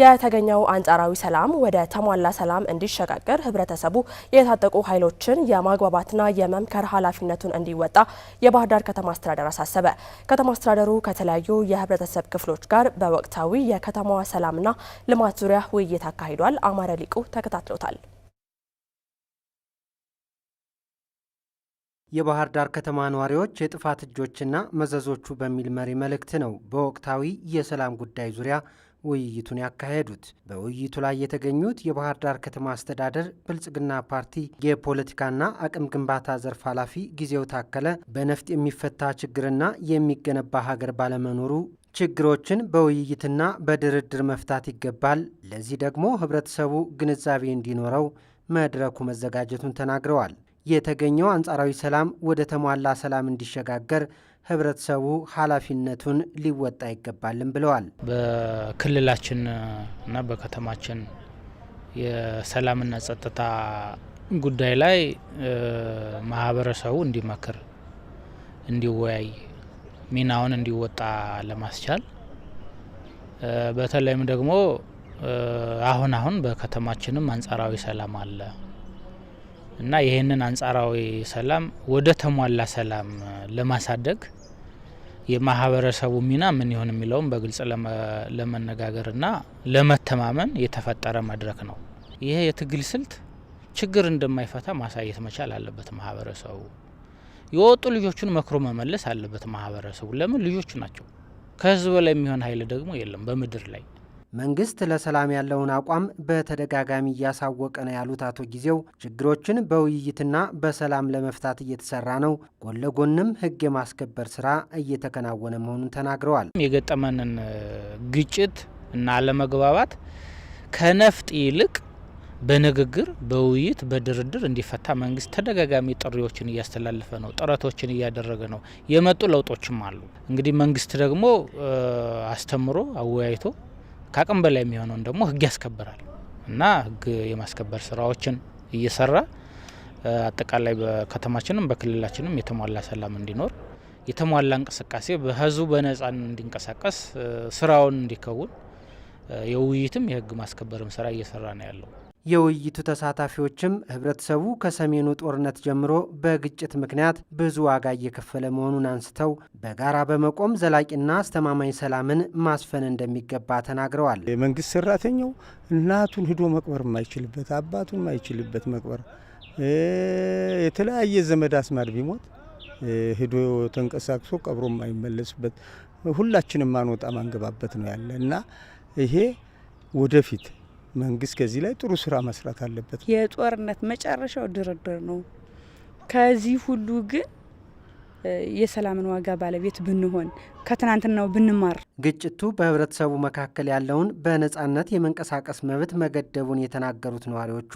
የተገኘው አንጻራዊ ሰላም ወደ ተሟላ ሰላም እንዲሸጋገር ህብረተሰቡ የታጠቁ ኃይሎችን የማግባባትና የመምከር ኃላፊነቱን እንዲወጣ የባህር ዳር ከተማ አስተዳደር አሳሰበ። ከተማ አስተዳደሩ ከተለያዩ የህብረተሰብ ክፍሎች ጋር በወቅታዊ የከተማዋ ሰላምና ልማት ዙሪያ ውይይት አካሂዷል። አማረ ሊቁ ተከታትሎታል። የባህር ዳር ከተማ ነዋሪዎች የጥፋት እጆችና መዘዞቹ በሚል መሪ መልእክት ነው በወቅታዊ የሰላም ጉዳይ ዙሪያ ውይይቱን ያካሄዱት። በውይይቱ ላይ የተገኙት የባህር ዳር ከተማ አስተዳደር ብልጽግና ፓርቲ የፖለቲካና አቅም ግንባታ ዘርፍ ኃላፊ ጊዜው ታከለ በነፍጥ የሚፈታ ችግርና የሚገነባ ሀገር ባለመኖሩ ችግሮችን በውይይትና በድርድር መፍታት ይገባል። ለዚህ ደግሞ ህብረተሰቡ ግንዛቤ እንዲኖረው መድረኩ መዘጋጀቱን ተናግረዋል። የተገኘው አንጻራዊ ሰላም ወደ ተሟላ ሰላም እንዲሸጋገር ህብረተሰቡ ኃላፊነቱን ሊወጣ ይገባልም ብለዋል። በክልላችን እና በከተማችን የሰላምና ጸጥታ ጉዳይ ላይ ማህበረሰቡ እንዲመክር፣ እንዲወያይ፣ ሚናውን እንዲወጣ ለማስቻል በተለይም ደግሞ አሁን አሁን በከተማችንም አንጻራዊ ሰላም አለ። እና ይህንን አንጻራዊ ሰላም ወደ ተሟላ ሰላም ለማሳደግ የማህበረሰቡ ሚና ምን ይሆን የሚለውም በግልጽ ለመነጋገርና ለመተማመን የተፈጠረ መድረክ ነው። ይሄ የትግል ስልት ችግር እንደማይፈታ ማሳየት መቻል አለበት ማህበረሰቡ። የወጡ ልጆቹን መክሮ መመለስ አለበት ማህበረሰቡ። ለምን ልጆቹ ናቸው። ከህዝብ በላይ የሚሆን ኃይል ደግሞ የለም በምድር ላይ መንግስት ለሰላም ያለውን አቋም በተደጋጋሚ እያሳወቀ ነው ያሉት አቶ ጊዜው ችግሮችን በውይይትና በሰላም ለመፍታት እየተሰራ ነው፣ ጎን ለጎንም ህግ የማስከበር ስራ እየተከናወነ መሆኑን ተናግረዋል። የገጠመንን ግጭት እና አለመግባባት ከነፍጥ ይልቅ በንግግር በውይይት በድርድር እንዲፈታ መንግስት ተደጋጋሚ ጥሪዎችን እያስተላለፈ ነው፣ ጥረቶችን እያደረገ ነው። የመጡ ለውጦችም አሉ። እንግዲህ መንግስት ደግሞ አስተምሮ አወያይቶ ከአቅም በላይ የሚሆነውን ደግሞ ህግ ያስከብራል እና ህግ የማስከበር ስራዎችን እየሰራ አጠቃላይ በከተማችንም በክልላችንም የተሟላ ሰላም እንዲኖር የተሟላ እንቅስቃሴ በህዝቡ በነፃን እንዲንቀሳቀስ ስራውን እንዲከውን የውይይትም የህግ ማስከበርም ስራ እየሰራ ነው ያለው። የውይይቱ ተሳታፊዎችም ህብረተሰቡ ከሰሜኑ ጦርነት ጀምሮ በግጭት ምክንያት ብዙ ዋጋ እየከፈለ መሆኑን አንስተው በጋራ በመቆም ዘላቂና አስተማማኝ ሰላምን ማስፈን እንደሚገባ ተናግረዋል። የመንግስት ሰራተኛው እናቱን ሂዶ መቅበር የማይችልበት አባቱን የማይችልበት መቅበር፣ የተለያየ ዘመድ አስማድ ቢሞት ሂዶ ተንቀሳቅሶ ቀብሮ የማይመለስበት ሁላችንም ማንወጣ ማንገባበት ነው ያለ እና ይሄ ወደፊት መንግስት ከዚህ ላይ ጥሩ ስራ መስራት አለበት። የጦርነት መጨረሻው ድርድር ነው። ከዚህ ሁሉ ግን የሰላምን ዋጋ ባለቤት ብንሆን ከትናንትናው ብንማር። ግጭቱ በህብረተሰቡ መካከል ያለውን በነፃነት የመንቀሳቀስ መብት መገደቡን የተናገሩት ነዋሪዎቹ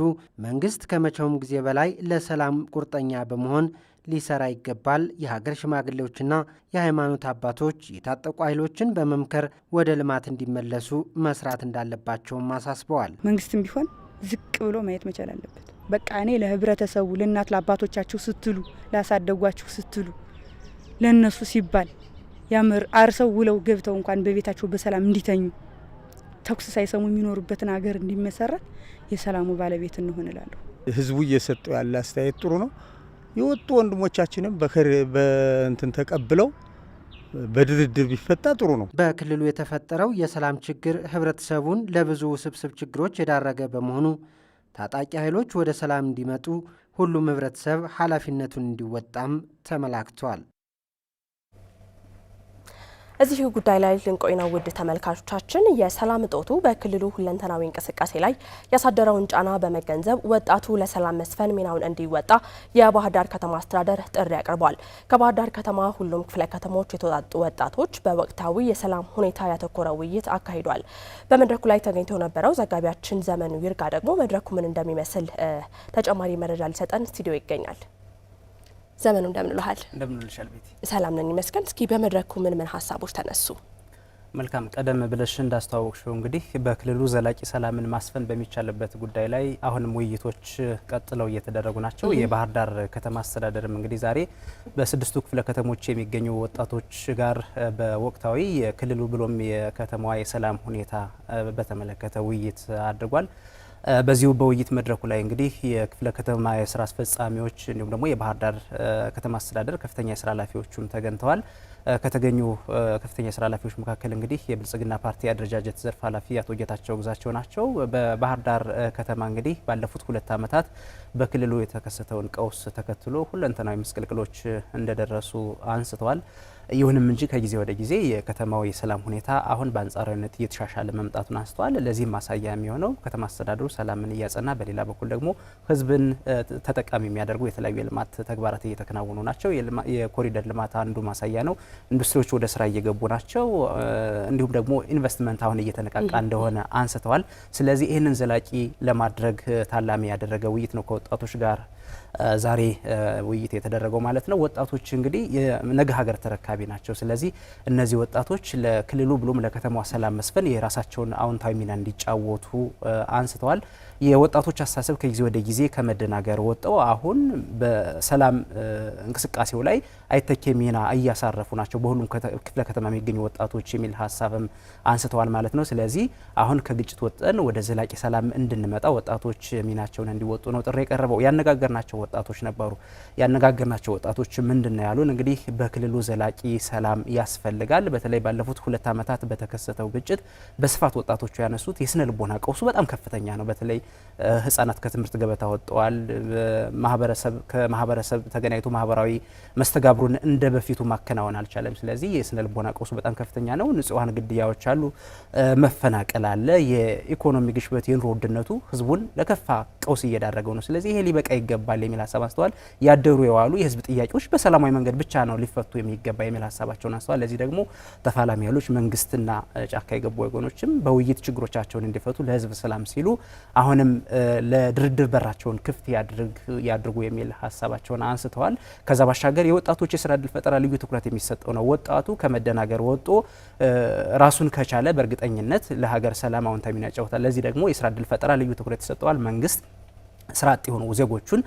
መንግስት ከመቼውም ጊዜ በላይ ለሰላም ቁርጠኛ በመሆን ሊሰራ ይገባል። የሀገር ሽማግሌዎችና የሃይማኖት አባቶች የታጠቁ ኃይሎችን በመምከር ወደ ልማት እንዲመለሱ መስራት እንዳለባቸውም አሳስበዋል። መንግስትም ቢሆን ዝቅ ብሎ ማየት መቻል አለበት። በቃ እኔ ለህብረተሰቡ፣ ለእናት ለአባቶቻችሁ ስትሉ ላሳደጓችሁ ስትሉ ለእነሱ ሲባል ያምር አርሰው ውለው ገብተው እንኳን በቤታቸው በሰላም እንዲተኙ ተኩስ ሳይሰሙ የሚኖሩበትን ሀገር እንዲመሰረት የሰላሙ ባለቤት እንሆን እላለሁ። ህዝቡ እየሰጠው ያለ አስተያየት ጥሩ ነው። የወጡ ወንድሞቻችንም በእንትን ተቀብለው በድርድር ቢፈታ ጥሩ ነው። በክልሉ የተፈጠረው የሰላም ችግር ህብረተሰቡን ለብዙ ውስብስብ ችግሮች የዳረገ በመሆኑ ታጣቂ ኃይሎች ወደ ሰላም እንዲመጡ ሁሉም ህብረተሰብ ኃላፊነቱን እንዲወጣም ተመላክቷል። እዚህ ጉዳይ ላይ ልንቆይ ነው። ውድ ተመልካቾቻችን፣ የሰላም እጦቱ በክልሉ ሁለንተናዊ እንቅስቃሴ ላይ ያሳደረውን ጫና በመገንዘብ ወጣቱ ለሰላም መስፈን ሚናውን እንዲወጣ የባህር ዳር ከተማ አስተዳደር ጥሪ አቅርቧል። ከባህር ዳር ከተማ ሁሉም ክፍለ ከተሞች የተወጣጡ ወጣቶች በወቅታዊ የሰላም ሁኔታ ያተኮረ ውይይት አካሂዷል። በመድረኩ ላይ ተገኝቶ የነበረው ዘጋቢያችን ዘመኑ ይርጋ ደግሞ መድረኩ ምን እንደሚመስል ተጨማሪ መረጃ ሊሰጠን ስቱዲዮ ይገኛል። ዘመኑ እንደምንልሃል እንደምንልሻል ቤቲ ሰላም ነን ይመስገን እስኪ በመድረኩ ምን ምን ሀሳቦች ተነሱ መልካም ቀደም ብለሽ እንዳስተዋወቅሽው እንግዲህ በክልሉ ዘላቂ ሰላምን ማስፈን በሚቻልበት ጉዳይ ላይ አሁንም ውይይቶች ቀጥለው እየተደረጉ ናቸው። የባህር ዳር ከተማ አስተዳደርም እንግዲህ ዛሬ በስድስቱ ክፍለ ከተሞች የሚገኙ ወጣቶች ጋር በወቅታዊ የክልሉ ብሎም የከተማዋ የሰላም ሁኔታ በተመለከተ ውይይት አድርጓል። በዚሁ በውይይት መድረኩ ላይ እንግዲህ የክፍለ ከተማ የስራ አስፈጻሚዎች እንዲሁም ደግሞ የባህር ዳር ከተማ አስተዳደር ከፍተኛ የስራ ኃላፊዎቹም ተገኝተዋል። ከተገኙ ከፍተኛ የስራ ኃላፊዎች መካከል እንግዲህ የብልጽግና ፓርቲ አደረጃጀት ዘርፍ ኃላፊ አቶ ጌታቸው ግዛቸው ናቸው። በባህር ዳር ከተማ እንግዲህ ባለፉት ሁለት ዓመታት በክልሉ የተከሰተውን ቀውስ ተከትሎ ሁለንተናዊ ምስቅልቅሎች እንደደረሱ አንስተዋል። ይሁንም እንጂ ከጊዜ ወደ ጊዜ የከተማው የሰላም ሁኔታ አሁን በአንጻራዊነት እየተሻሻለ መምጣቱን አንስተዋል። ለዚህም ማሳያ የሚሆነው ከተማ አስተዳደሩ ሰላምን እያጸና፣ በሌላ በኩል ደግሞ ህዝብን ተጠቃሚ የሚያደርጉ የተለያዩ የልማት ተግባራት እየተከናወኑ ናቸው። የኮሪደር ልማት አንዱ ማሳያ ነው። ኢንዱስትሪዎች ወደ ስራ እየገቡ ናቸው። እንዲሁም ደግሞ ኢንቨስትመንት አሁን እየተነቃቃ እንደሆነ አንስተዋል። ስለዚህ ይህንን ዘላቂ ለማድረግ ታላሚ ያደረገ ውይይት ነው ከወጣቶች ጋር ዛሬ ውይይት የተደረገው ማለት ነው። ወጣቶች እንግዲህ ነገ ሀገር ተረካቢ ናቸው። ስለዚህ እነዚህ ወጣቶች ለክልሉ ብሎም ለከተማዋ ሰላም መስፈን የራሳቸውን አዎንታዊ ሚና እንዲጫወቱ አንስተዋል። የወጣቶች አስተሳሰብ ከጊዜ ወደ ጊዜ ከመደናገር ወጥተው አሁን በሰላም እንቅስቃሴው ላይ አይተኬ ሚና እያሳረፉ ናቸው። ናቸው በሁሉም ክፍለ ከተማ የሚገኙ ወጣቶች የሚል ሀሳብም አንስተዋል ማለት ነው። ስለዚህ አሁን ከግጭት ወጥተን ወደ ዘላቂ ሰላም እንድንመጣ ወጣቶች ሚናቸውን እንዲወጡ ነው ጥሪ የቀረበው። ያነጋገርናቸው ወጣቶች ነበሩ። ያነጋገርናቸው ወጣቶች ምንድን ነው ያሉን? እንግዲህ በክልሉ ዘላቂ ሰላም ያስፈልጋል። በተለይ ባለፉት ሁለት ዓመታት በተከሰተው ግጭት በስፋት ወጣቶቹ ያነሱት የስነ ልቦና ቀውሱ በጣም ከፍተኛ ነው። በተለይ ህጻናት ከትምህርት ገበታ ወጥተዋል። ማህበረሰብ ከማህበረሰብ ተገናኝቶ ማህበራዊ መስተጋብሩን እንደ በፊቱ ማከናወናል አልቻለም። ስለዚህ የስነ ልቦና ቀውሱ በጣም ከፍተኛ ነው። ንጹሃን ግድያዎች አሉ፣ መፈናቀል አለ፣ የኢኮኖሚ ግሽበት፣ የኑሮ ውድነቱ ህዝቡን ለከፋ ቀውስ እየዳረገው ነው። ስለዚህ ይሄ ሊበቃ ይገባል የሚል ሀሳብ አንስተዋል። ያደሩ የዋሉ የህዝብ ጥያቄዎች በሰላማዊ መንገድ ብቻ ነው ሊፈቱ የሚገባ የሚል ሀሳባቸውን አንስተዋል። ለዚህ ደግሞ ተፋላሚ ኃይሎች መንግስትና ጫካ የገቡ ወገኖችም በውይይት ችግሮቻቸውን እንዲፈቱ ለህዝብ ሰላም ሲሉ አሁንም ለድርድር በራቸውን ክፍት ያድርጉ የሚል ሀሳባቸውን አንስተዋል። ከዛ ባሻገር የወጣቶች የስራ እድል ፈጠራ ልዩ ትኩረት የሚሰጥ የሚሰጠው ነው። ወጣቱ ከመደናገር ወጦ ራሱን ከቻለ በእርግጠኝነት ለሀገር ሰላም አዎንታዊ ሚና ይጫወታል። ለዚህ ደግሞ የስራ እድል ፈጠራ ልዩ ትኩረት ይሰጠዋል መንግስት ስራ አጥ የሆኑ ዜጎቹን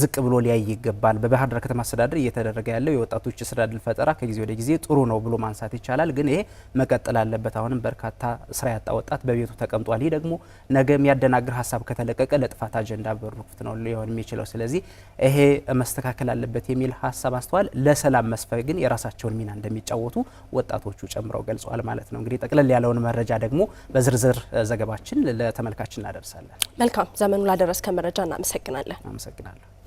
ዝቅ ብሎ ሊያይ ይገባል። በባህር ዳር ከተማ አስተዳደር እየተደረገ ያለው የወጣቶች የስራ እድል ፈጠራ ከጊዜ ወደ ጊዜ ጥሩ ነው ብሎ ማንሳት ይቻላል። ግን ይሄ መቀጠል አለበት። አሁንም በርካታ ስራ ያጣ ወጣት በቤቱ ተቀምጧል። ይህ ደግሞ ነገ የሚያደናግር ሀሳብ ከተለቀቀ ለጥፋት አጀንዳ በሩ ክፍት ነው ሊሆን የሚችለው። ስለዚህ ይሄ መስተካከል አለበት የሚል ሀሳብ አስተዋል። ለሰላም መስፈር ግን የራሳቸውን ሚና እንደሚጫወቱ ወጣቶቹ ጨምረው ገልጸዋል ማለት ነው። እንግዲህ ጠቅለል ያለውን መረጃ ደግሞ በዝርዝር ዘገባችን ለተመልካችን እናደርሳለን። መልካም ዘመኑ ላደረስከ መረጃ እናመሰግናለን። አመሰግናለሁ።